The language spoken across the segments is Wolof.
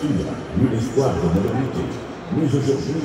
Palestine, de modernité. Mais aujourd'hui...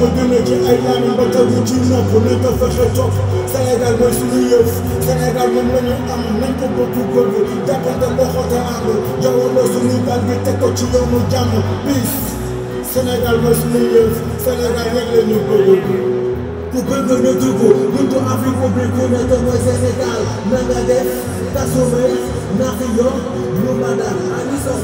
ko jëmee ci ay ñaanam ba taw ci nopp nañ ko fexe topp Sénégal mooy suñu yëf Sénégal moom la ñu am nañ ko bokk góorg jàppante mboxoote ànd jowandoo suñu baat bi teg ko ci yoonu jàmm bis Sénégal mooy suñu yëf Sénégal rek la ñu bëgg ku bëgg nga dugg buntu Afrique bi ku nekk mooy Sénégal na nga def tasuma nax yoon lu ma daal ani sa